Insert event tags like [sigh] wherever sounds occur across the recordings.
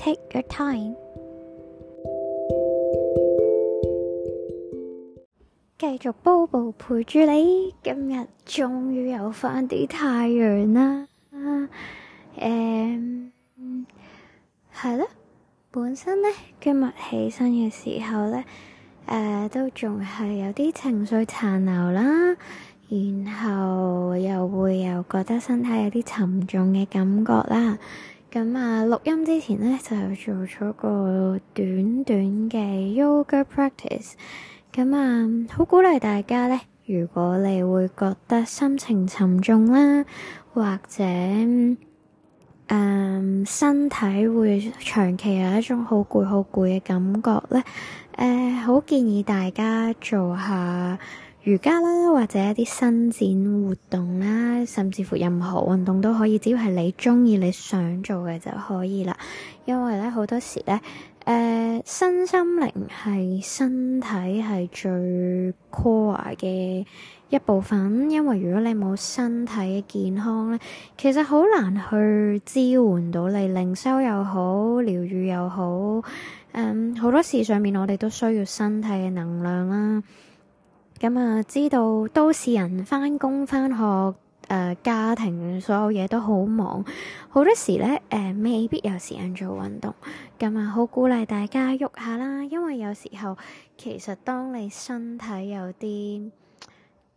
Take your time，繼續 Bobo 陪住你。今日終於有翻啲太陽啦，誒、啊，係、嗯、啦、嗯。本身呢，今日起身嘅時候呢，誒、呃、都仲係有啲情緒殘留啦，然後又會有覺得身體有啲沉重嘅感覺啦。咁啊，錄音之前呢，就做咗個短短嘅 yoga practice。咁啊，好鼓勵大家呢，如果你會覺得心情沉重啦，或者、嗯、身體會長期有一種好攰好攰嘅感覺呢，誒、呃，好建議大家做下瑜伽啦，或者一啲伸展活動啦，甚至乎任何運動都可以，只要係你中意、你想做嘅就可以啦。因為咧，好多時咧，誒、呃，身心靈係身體係最 core 嘅一部分。因為如果你冇身體嘅健康咧，其實好難去支援到你靈修又好、療癒又好。嗯、呃，好多事上面我哋都需要身體嘅能量啦。咁啊，知道都市人翻工翻學，誒、呃，家庭所有嘢都好忙，好多時咧誒、呃，未必有時間做運動。咁啊，好鼓勵大家喐下啦，因為有時候其實當你身體有啲。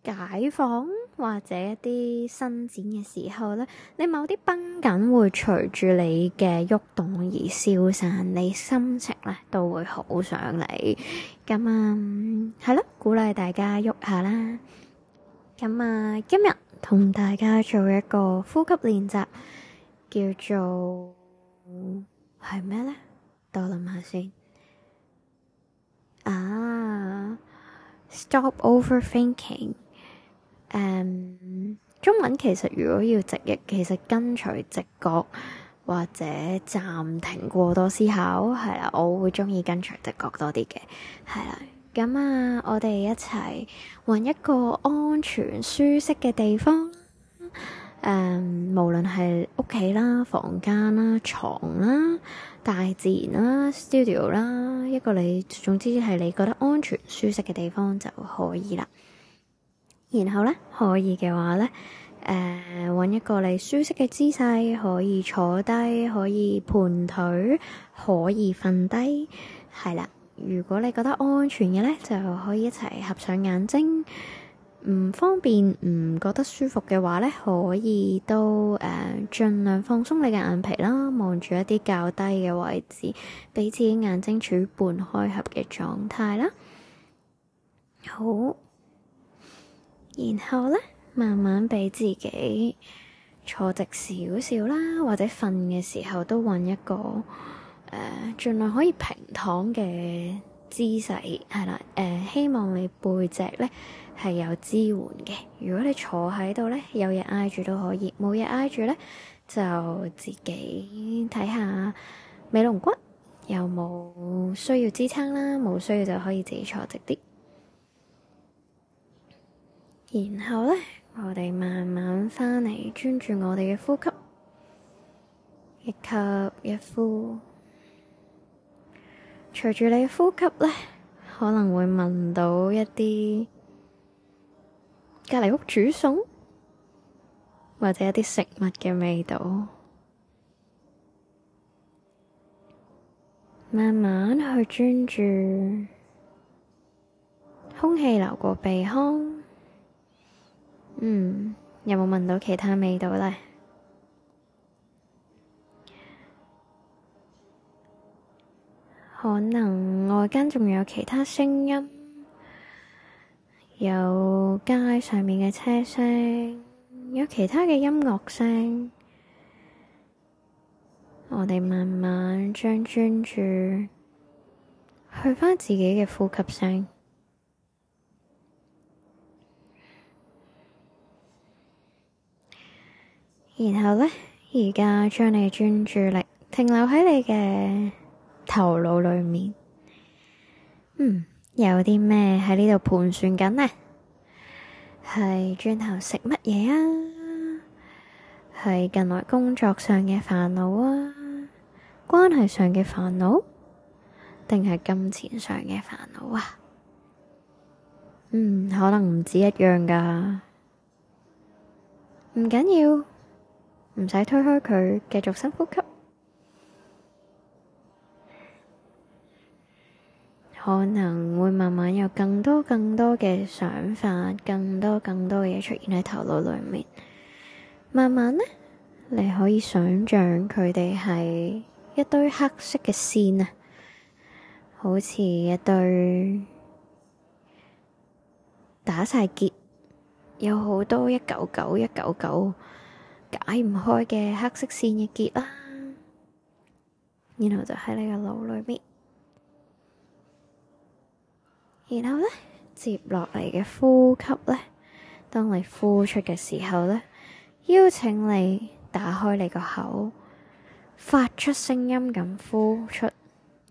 解放或者一啲伸展嘅時候咧，你某啲繃緊會隨住你嘅喐動而消散，你心情咧都會好上嚟。咁啊，係、嗯、咯，鼓勵大家喐下啦。咁啊，今日同大家做一個呼吸練習，叫做係咩咧？多諗下先。啊，Stop overthinking。誒，um, 中文其實如果要直譯，其實跟隨直覺或者暫停過多思考，係啦，我會中意跟隨直覺多啲嘅，係啦。咁啊，我哋一齊搵一個安全舒適嘅地方，誒、嗯，無論係屋企啦、房間啦、床啦、大自然啦、studio 啦，一個你，總之係你覺得安全舒適嘅地方就可以啦。然後咧，可以嘅話咧，誒、呃，揾一個你舒適嘅姿勢，可以坐低，可以盤腿，可以瞓低，係啦。如果你覺得安全嘅咧，就可以一齊合上眼睛。唔方便，唔覺得舒服嘅話咧，可以都誒、呃，盡量放鬆你嘅眼皮啦，望住一啲較低嘅位置，俾自己眼睛處於半開合嘅狀態啦。好。然後咧，慢慢俾自己坐直少少啦，或者瞓嘅時候都揾一個誒、呃，盡量可以平躺嘅姿勢係啦。誒、呃，希望你背脊咧係有支援嘅。如果你坐喺度咧，有嘢挨住都可以；冇嘢挨住咧，就自己睇下尾龍骨有冇需要支撐啦。冇需要就可以自己坐直啲。然後呢，我哋慢慢返嚟專注我哋嘅呼吸，一吸一呼。隨住你呼吸呢，可能會聞到一啲隔籬屋煮餸或者一啲食物嘅味道。慢慢去專注空氣流過鼻腔。嗯，有冇聞到其他味道咧？可能外間仲有其他聲音，有街上面嘅車聲，有其他嘅音樂聲。我哋慢慢將專注去返自己嘅呼吸聲。然後呢，而家將你嘅專注力停留喺你嘅頭腦裏面。嗯，有啲咩喺呢度盤算緊呢？係轉頭食乜嘢啊？係近來工作上嘅煩惱啊，關係上嘅煩惱，定係金錢上嘅煩惱啊？嗯，可能唔止一樣噶。唔緊要。唔使推開佢，繼續深呼吸，可能會慢慢有更多更多嘅想法，更多更多嘢出現喺頭腦裏面。慢慢呢，你可以想象佢哋係一堆黑色嘅線啊，好似一堆打晒結，有好多一九九一九九。解唔開嘅黑色線嘅結啦，然後就喺你嘅腦裏面。然後呢，接落嚟嘅呼吸呢，當你呼出嘅時候呢，邀請你打開你個口，發出聲音咁呼出。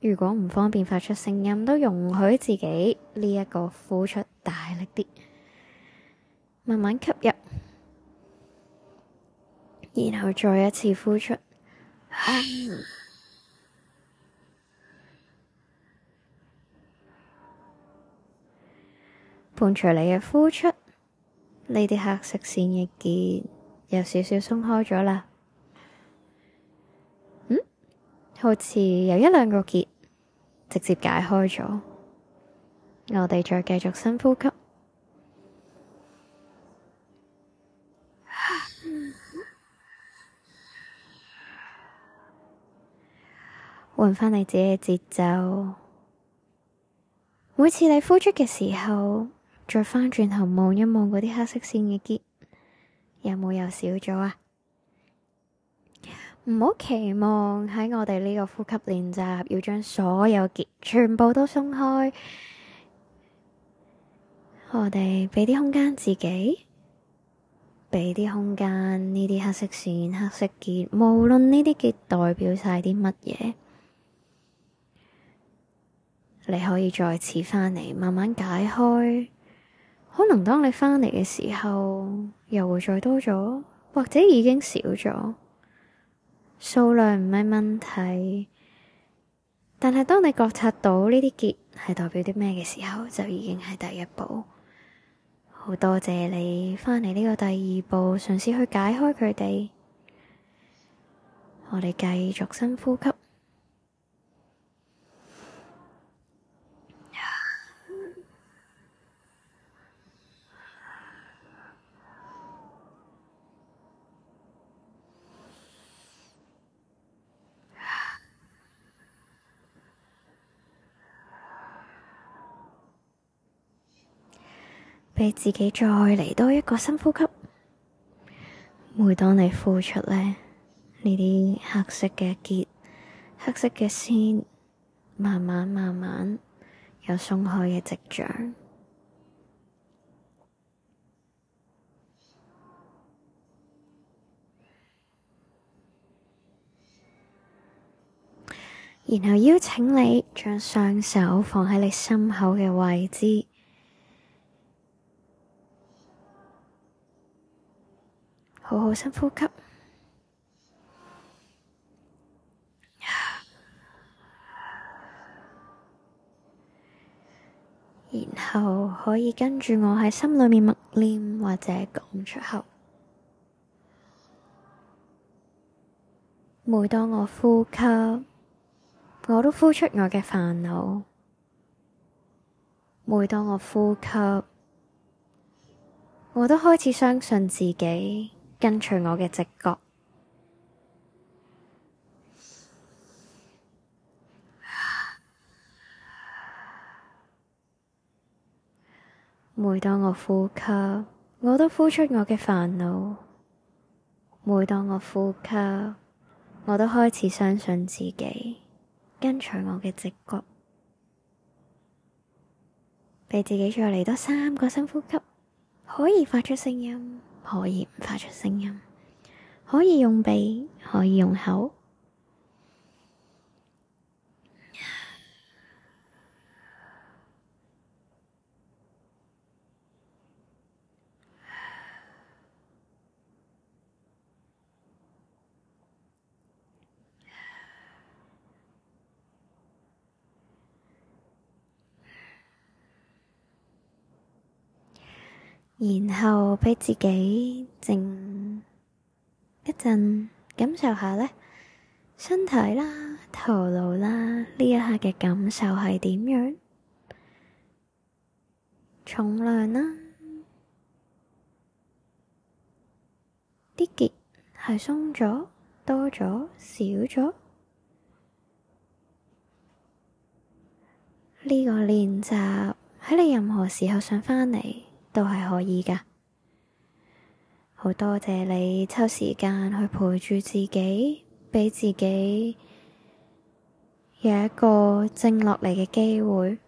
如果唔方便發出聲音，都容許自己呢一個呼出大力啲，慢慢吸入。然後再一次呼出，嗯、 [laughs] 伴隨你嘅呼出，呢啲黑色線嘅結有少少鬆開咗啦。嗯，好似有一兩個結直接解開咗。我哋再繼續深呼吸。換返你自己嘅節奏。每次你呼出嘅時候，再返轉頭望一望嗰啲黑色線嘅結，有冇又少咗啊？唔好期望喺我哋呢個呼吸練習要將所有結全部都鬆開。我哋畀啲空間自己，畀啲空間呢啲黑色線、黑色結，無論呢啲結代表晒啲乜嘢。你可以再次翻嚟，慢慢解開。可能當你翻嚟嘅時候，又會再多咗，或者已經少咗。數量唔係問題，但係當你覺察到呢啲結係代表啲咩嘅時候，就已經係第一步。好多謝你翻嚟呢個第二步，嘗試去解開佢哋。我哋繼續深呼吸。俾自己再嚟多一個深呼吸。每當你呼出咧，呢啲黑色嘅結、黑色嘅線，慢慢、慢慢有鬆開嘅跡象。然後邀請你將雙手放喺你心口嘅位置。好好深呼吸，然後可以跟住我喺心裏面默念或者講出口。每當我呼吸，我都呼出我嘅煩惱；每當我呼吸，我都開始相信自己。跟隨我嘅直覺，每當我呼吸，我都呼出我嘅煩惱；每當我呼吸，我都開始相信自己。跟隨我嘅直覺，俾自己再嚟多三個深呼吸，可以發出聲音。可以唔發出聲音，可以用鼻，可以用口。然後俾自己靜一陣，感受下咧身體啦、頭腦啦，呢一刻嘅感受係點樣？重量啦，啲結係鬆咗、多咗、少咗？呢、這個練習喺你任何時候想返嚟。都係可以噶好多謝你抽時間去陪住自己，畀自己有一個靜落嚟嘅機會。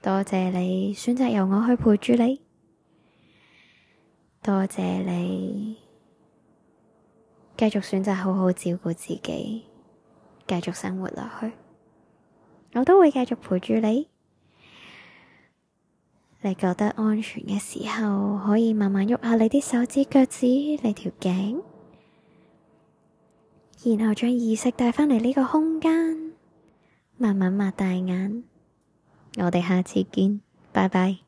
多謝你選擇由我去陪住你，多謝你繼續選擇好好照顧自己，繼續生活落去，我都會繼續陪住你。你覺得安全嘅時候，可以慢慢喐下你啲手指、腳趾、你條頸，然後將意識帶返嚟呢個空間，慢慢擘大眼。我哋下次見，拜拜。